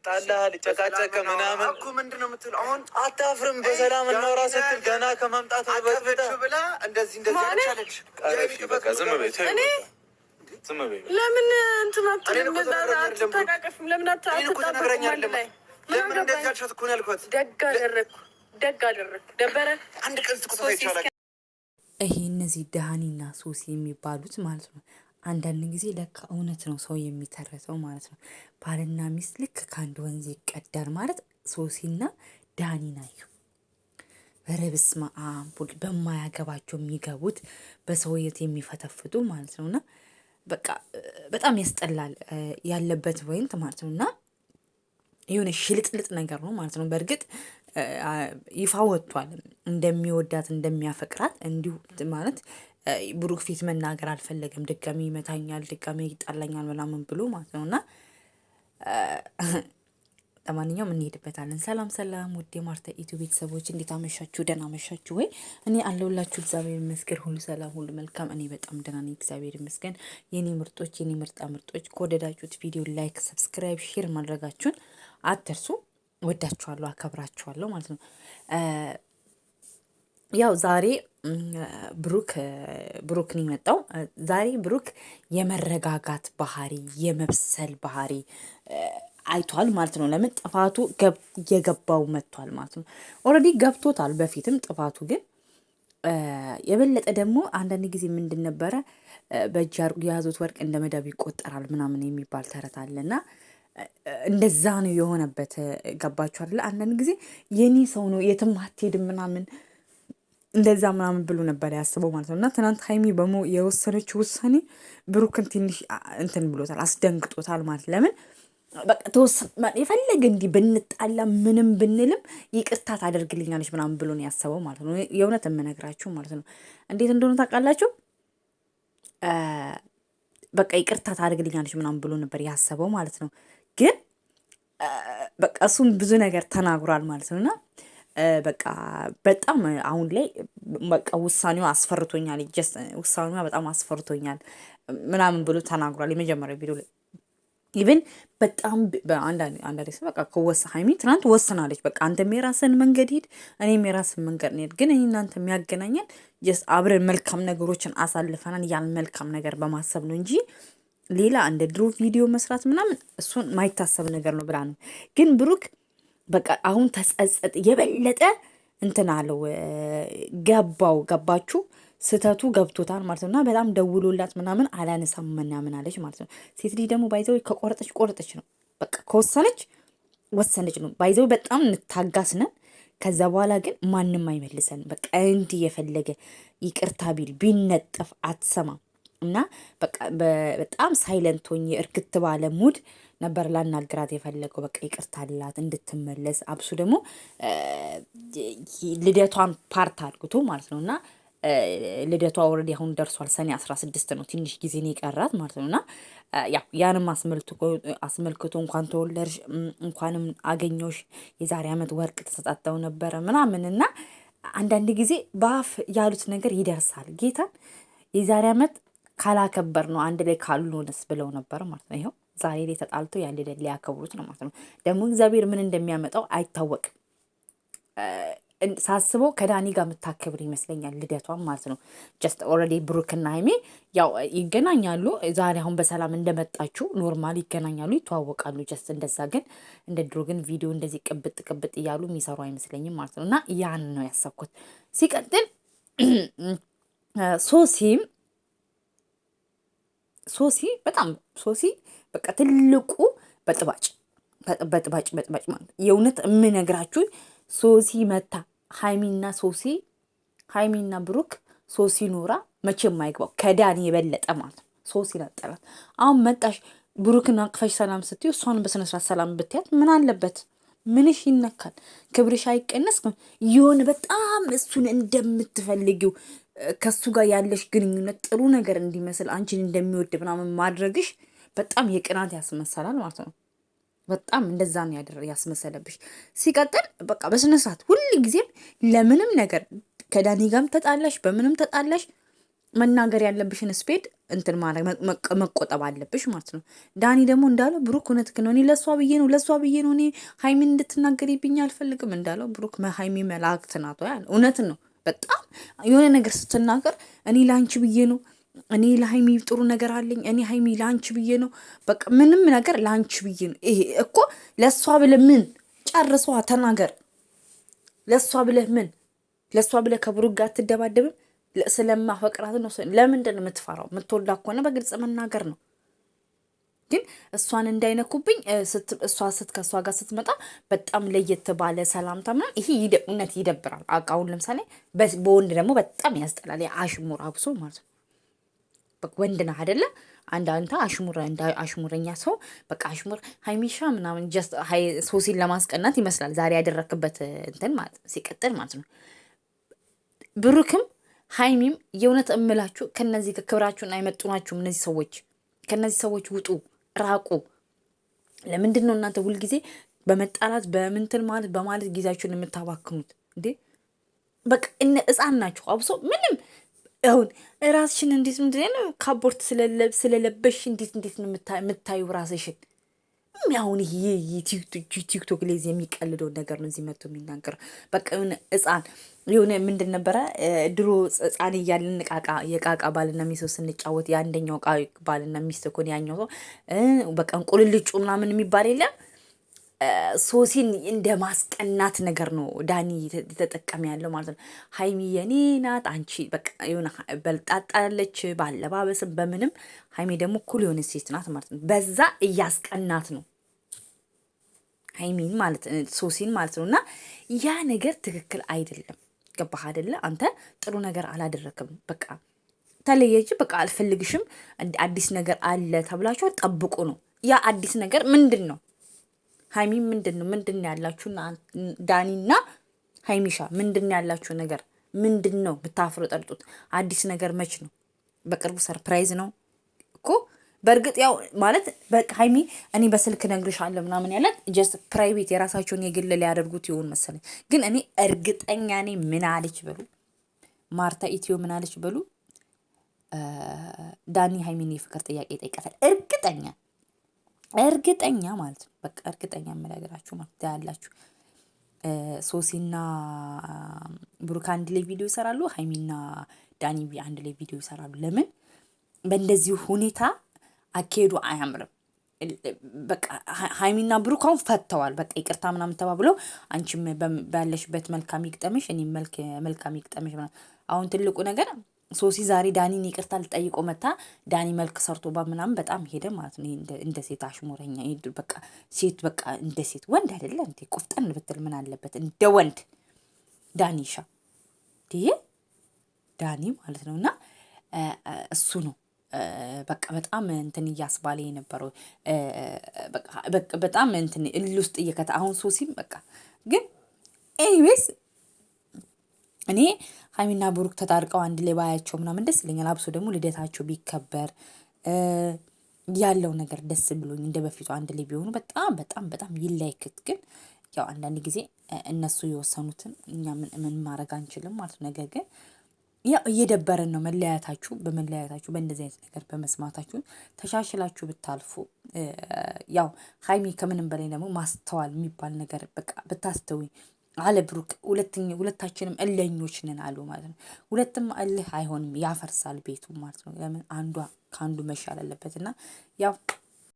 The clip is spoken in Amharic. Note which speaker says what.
Speaker 1: ይጣላል፣ ይጨቃጨቅ ምናምን
Speaker 2: እኮ ምንድን ነው የምትውል? አሁን
Speaker 1: አታፍርም? በሰላም እናውራ ስትል ገና ከመምጣት በፊት
Speaker 2: ብላ እንደዚህ እንደዚህ ለምን እንትን አትተቃቀፍም? ለምን አትታረቁም? ለምን ያልኳት። ደግ አደረግኩ፣ ደግ አደረግኩ። ደበረ
Speaker 1: አንድ ቀን
Speaker 2: ይሄ እነዚህ ዳሃኒና ሶሲ የሚባሉት ማለት ነው አንዳንድ ጊዜ ለካ እውነት ነው ሰው የሚተረተው ማለት ነው። ባልና ሚስት ልክ ከአንድ ወንዝ ይቀዳል ማለት ሶሲና ዳኒ ናቸው። በረብስ ማአምፑል በማያገባቸው የሚገቡት በሰው ህይወት የሚፈተፍቱ ማለት ነው። እና በቃ በጣም ያስጠላል ያለበት ወይንት ማለት ነው። እና የሆነ ሽልጥልጥ ነገር ነው ማለት ነው። በእርግጥ ይፋ ወጥቷል እንደሚወዳት እንደሚያፈቅራት እንዲሁ ማለት ብሩክ ፊት መናገር አልፈለገም። ድጋሚ ይመታኛል፣ ድጋሚ ይጣላኛል ምናምን ብሎ ማለት ነው እና ለማንኛውም እንሄድበታለን። ሰላም ሰላም፣ ውድ የማርታ ኢትዮ ቤተሰቦች እንዴት አመሻችሁ? ደህና አመሻችሁ ወይ? እኔ አለሁላችሁ። እግዚአብሔር ይመስገን፣ ሁሉ ሰላም፣ ሁሉ መልካም። እኔ በጣም ደህና ነኝ፣ እግዚአብሔር ይመስገን። የኔ ምርጦች፣ የኔ ምርጣ ምርጦች፣ ከወደዳችሁት ቪዲዮ ላይክ፣ ሰብስክራይብ፣ ሼር ማድረጋችሁን አትርሱ። ወዳችኋለሁ፣ አከብራችኋለሁ ማለት ነው። ያው ዛሬ ብሩክ ብሩክ ነው የመጣው። ዛሬ ብሩክ የመረጋጋት ባህሪ የመብሰል ባህሪ አይቷል ማለት ነው። ለምን ጥፋቱ የገባው መጥቷል ማለት ነው። ኦልሬዲ ገብቶታል በፊትም ጥፋቱ ግን የበለጠ ደግሞ አንዳንድ ጊዜ ምንድን ነበረ በእጅ የያዙት ወርቅ እንደ መዳብ ይቆጠራል ምናምን የሚባል ተረት አለ አለና እንደዛ ነው የሆነበት። ገባችሁ አይደለ? አንዳንድ ጊዜ የኔ ሰው ነው የትም አትሄድም ምናምን እንደዛ ምናምን ብሎ ነበር ያስበው ማለት ነው። እና ትናንት ሀይሚ በሞ የወሰነች ውሳኔ ብሩክን ትንሽ እንትን ብሎታል፣ አስደንግጦታል ማለት ለምን የፈለገ እንዲህ ብንጣላ ምንም ብንልም ይቅርታ ታደርግልኛለች ምናምን ብሎ ነው ያሰበው ማለት ነው። የእውነት የምነግራችሁ ማለት ነው። እንዴት እንደሆነ ታውቃላችሁ? በቃ ይቅርታ ታደርግልኛለች ምናምን ብሎ ነበር ያሰበው ማለት ነው። ግን በቃ እሱም ብዙ ነገር ተናግሯል ማለት ነው እና በቃ በጣም አሁን ላይ በቃ ውሳኔዋ አስፈርቶኛል፣ ውሳኔዋ በጣም አስፈርቶኛል ምናምን ብሎ ተናግሯል። የመጀመሪያ ቪዲዮ ላይ ኢቨን በጣም አንዳንዴ ሰው በቃ ከወስ ሀይሚ ትናንት ወስናለች። በቃ አንተም የራስን መንገድ ሄድ፣ እኔም የራስን መንገድ ሄድ። ግን እኔ እናንተ የሚያገናኘን ጀስት አብረን መልካም ነገሮችን አሳልፈናል። ያን መልካም ነገር በማሰብ ነው እንጂ ሌላ እንደ ድሮ ቪዲዮ መስራት ምናምን እሱን ማይታሰብ ነገር ነው ብላ ነው ግን ብሩክ በቃ አሁን ተጸጸጥ የበለጠ እንትን አለው ገባው። ገባችሁ ስህተቱ ገብቶታል ማለት ነው። እና በጣም ደውሎላት ምናምን አላነሳም ምናምን አለች ማለት ነው። ሴት ልጅ ደግሞ ባይዘው ከቆረጠች ቆረጠች ነው። በቃ ከወሰነች ወሰነች ነው። ባይዘው በጣም እንታጋስነን። ከዛ በኋላ ግን ማንም አይመልሰን። በቃ እንዲህ የፈለገ ይቅርታ ቢል ቢነጠፍ አትሰማም። እና በጣም ሳይለንት ሆኜ እርግት ባለ ሙድ ነበር ላናግራት የፈለገው። በቃ ይቅርታ አላት እንድትመለስ አብሱ ደግሞ ልደቷን ፓርት አድርግቶ ማለት ነው እና ልደቷ ወረድ አሁን ደርሷል። ሰኔ አስራ ስድስት ነው ትንሽ ጊዜ ነው የቀራት ማለት ነው እና ያንም አስመልክቶ እንኳን ተወለድሽ እንኳንም አገኘሽ የዛሬ ዓመት ወርቅ ተሰጣተው ነበረ ምናምን እና አንዳንድ ጊዜ በአፍ ያሉት ነገር ይደርሳል። ጌታን የዛሬ ዓመት ካላከበር ነው አንድ ላይ ካልሆነስ ብለው ነበር ማለት ነው። ይኸው ዛሬ ላይ ተጣልቶ ያንድ ላይ ሊያከብሩት ነው ማለት ነው። ደግሞ እግዚአብሔር ምን እንደሚያመጣው አይታወቅም። ሳስበው ከዳኒ ጋር የምታከብር ይመስለኛል ልደቷን ማለት ነው። ጀስት ኦልሬዲ ብሩክና ሀይሜ ያው ይገናኛሉ። ዛሬ አሁን በሰላም እንደመጣችሁ ኖርማል ይገናኛሉ፣ ይተዋወቃሉ። ጀስት እንደዛ። ግን እንደ ድሮ ግን ቪዲዮ እንደዚህ ቅብጥ ቅብጥ እያሉ የሚሰሩ አይመስለኝም ማለት ነው። እና ያን ነው ያሰብኩት። ሲቀጥል ሶሲም ሶሲ በጣም ሶሲ በቃ ትልቁ በጥባጭ በጥባጭ በጥባጭ ማለት የእውነት የምነግራችሁ ሶሲ መታ ሀይሚና ሶሲ ሀይሚና ብሩክ ሶሲ ኖራ መቼም አይግባው ከዳን የበለጠ ማለት ሶሲ ናጠራት አሁን መጣሽ ብሩክን አቅፈሽ ሰላም ስትዪው እሷን በስነስርዓት ሰላም ብትያት ምን አለበት? ምንሽ ይነካል? ክብርሽ አይቀነስ? የሆነ በጣም እሱን እንደምትፈልጊው ከሱ ጋር ያለሽ ግንኙነት ጥሩ ነገር እንዲመስል አንቺን እንደሚወድ ምናምን ማድረግሽ በጣም የቅናት ያስመሰላል ማለት ነው። በጣም እንደዛ ነው ያስመሰለብሽ። ሲቀጥል በቃ በስነ ስርዓት ሁል ጊዜም ለምንም ነገር ከዳኒ ጋርም ተጣላሽ፣ በምንም ተጣላሽ መናገር ያለብሽን ስፔድ እንትን ማድረግ መቆጠብ አለብሽ ማለት ነው። ዳኒ ደግሞ እንዳለው ብሩክ እውነትህን ነው፣ እኔ ለእሷ ብዬ ነው ለእሷ ብዬ ነው እኔ ሀይሚን እንድትናገር አልፈልግም እንዳለው ብሩክ ሀይሚ መላእክት ናት ያለ እውነትን ነው። በጣም የሆነ ነገር ስትናገር እኔ ለአንቺ ብዬ ነው፣ እኔ ለሀይሚ ጥሩ ነገር አለኝ፣ እኔ ሀይሚ ለአንቺ ብዬ ነው፣ በቃ ምንም ነገር ለአንቺ ብዬ ነው። ይሄ እኮ ለእሷ ብለህ ምን ጨርሷ ተናገር። ለእሷ ብለህ ምን ለእሷ ብለህ ከብሩክ ጋር አትደባደብም። ስለማፈቅራት ነው። ለምንድን ነው የምትፈራው? የምትወዳ ከሆነ በግልጽ መናገር ነው። ግን እሷን እንዳይነኩብኝ እሷ ስት ከእሷ ጋር ስትመጣ በጣም ለየት ባለ ሰላምታ ምናምን ይሄ እውነት ይደብራል። አሁን ለምሳሌ በወንድ ደግሞ በጣም ያስጠላል። አሽሙር አብሶ ማለት ነው። ወንድ ነህ አይደለ? አንድ አንተ አሽሙር እንደ አሽሙረኛ ሰው በቃ አሽሙር ሀይሚሻ ምናምን ጀስት ሀይ ሶሲን ለማስቀናት ይመስላል ዛሬ ያደረክበት እንትን ማለት ነው። ሲቀጥል ማለት ነው ብሩክም ሀይሚም የእውነት እምላችሁ ከነዚህ ከክብራችሁን አይመጡናችሁም እነዚህ ሰዎች ከነዚህ ሰዎች ውጡ። ራቁ። ለምንድን ነው እናንተ ሁልጊዜ በመጣላት በምንትን ማለት በማለት ጊዜያችሁን የምታባክኑት እንዴ? በቃ እነ ህፃን ናችሁ። አብሶ ምንም አሁን ራስሽን እንዴት ምንድን ነው ካፖርት ስለለበሽ እንዴት እንዴት ነው የምታዩ ራስሽን አሁን ይሄ ቲክቶክ ላይ የሚቀልደውን ነገር ነው እዚህ መጥቶ የሚናገር። በቃ የሆነ ህፃን የሆነ ምንድን ነበረ ድሮ ህፃን እያለን ቃቃ የቃቃ ባልና ሚስት ስንጫወት የአንደኛው ቃ ባልና ሚስት እኮ ያኛው ሰው በቃ እንቁልልጩ ምናምን የሚባል የለም ሶሲን እንደ ማስቀናት ነገር ነው ዳኒ የተጠቀመ ያለው ማለት ነው። ሀይሚ የኔ ናት አንቺ በቃ በልጣጣለች ባለባበስም በምንም። ሀይሚ ደግሞ ኩል የሆነ ሴት ናት ማለት ነው። በዛ እያስቀናት ነው ሀይሚን ማለት ሶሲን ማለት ነው። እና ያ ነገር ትክክል አይደለም። ገባህ አይደለ? አንተ ጥሩ ነገር አላደረክም። በቃ ተለየች፣ በቃ አልፈልግሽም፣ አዲስ ነገር አለ ተብላችኋል። ጠብቁ ነው ያ አዲስ ነገር ምንድን ነው? ሀይሚ ምንድን ነው ምንድን ያላችሁ ዳኒና ሀይሚሻ ምንድን ያላችሁ ነገር ምንድን ነው ብታፍሮ ጠርጡት። አዲስ ነገር መች ነው? በቅርቡ ሰርፕራይዝ ነው እኮ በእርግጥ ያው ማለት በቃ ሀይሚ እኔ በስልክ እነግርሻለሁ ምናምን ያለት ጀስት ፕራይቬት የራሳቸውን የግል ሊያደርጉት ይሆን መሰለኝ። ግን እኔ እርግጠኛ ነኝ። ምን አለች በሉ ማርታ ኢትዮ ምን አለች በሉ ዳኒ ሀይሚን የፍቅር ጥያቄ ይጠይቃታል እርግጠኛ እርግጠኛ ማለት ነው። በቃ እርግጠኛ የምነግራችሁ ማለት ያላችሁ ሶሲና ብሩክ አንድ ላይ ቪዲዮ ይሰራሉ። ሀይሚና ዳኒ አንድ ላይ ቪዲዮ ይሰራሉ። ለምን በእንደዚህ ሁኔታ አካሄዱ አያምርም። በቃ ሀይሚና ብሩክ አሁን ፈተዋል። በቃ ይቅርታ ምናምን ተባብለው አንቺም ባለሽበት መልካም ይቅጠምሽ፣ እኔም መልካም ይቅጠምሽ። አሁን ትልቁ ነገር ሶሲ ዛሬ ዳኒን ይቅርታ ልጠይቆ መታ ዳኒ መልክ ሰርቶ ባ ምናምን በጣም ሄደ ማለት ነው። እንደ ሴት አሽሙረኛ በቃ ሴት በቃ እንደ ሴት ወንድ አይደለ እንዴ? ቁፍጠን ብትል ምን አለበት? እንደ ወንድ ዳኒሻ ይሄ ዳኒ ማለት ነው። እና እሱ ነው በቃ በጣም እንትን እያስባለ የነበረው በጣም እንትን እል ውስጥ እየከታ አሁን ሶሲም በቃ ግን ኤኒዌይስ እኔ ሀይሚና ብሩክ ተጣርቀው አንድ ላይ ባያቸው ምናምን ደስ ይለኛል። አብሶ ደግሞ ልደታቸው ቢከበር ያለው ነገር ደስ ብሎኝ እንደ በፊቱ አንድ ላይ ቢሆኑ በጣም በጣም በጣም ይለይክት። ግን ያው አንዳንድ ጊዜ እነሱ የወሰኑትን እኛ ምን ማድረግ አንችልም ማለት ነገር ግን ያው እየደበረን ነው መለያየታችሁ። በመለያየታችሁ በእንደዚህ አይነት ነገር በመስማታችሁ ተሻሽላችሁ ብታልፉ ያው ሀይሚ ከምንም በላይ ደግሞ ማስተዋል የሚባል ነገር በቃ ብታስተውኝ አለ ብሩክ። ሁለታችንም እለኞች ነን አሉ ማለት ነው። ሁለትም እልህ አይሆንም፣ ያፈርሳል ቤቱ ማለት ነው። ለምን አንዷ ከአንዱ መሻል አለበት እና ያው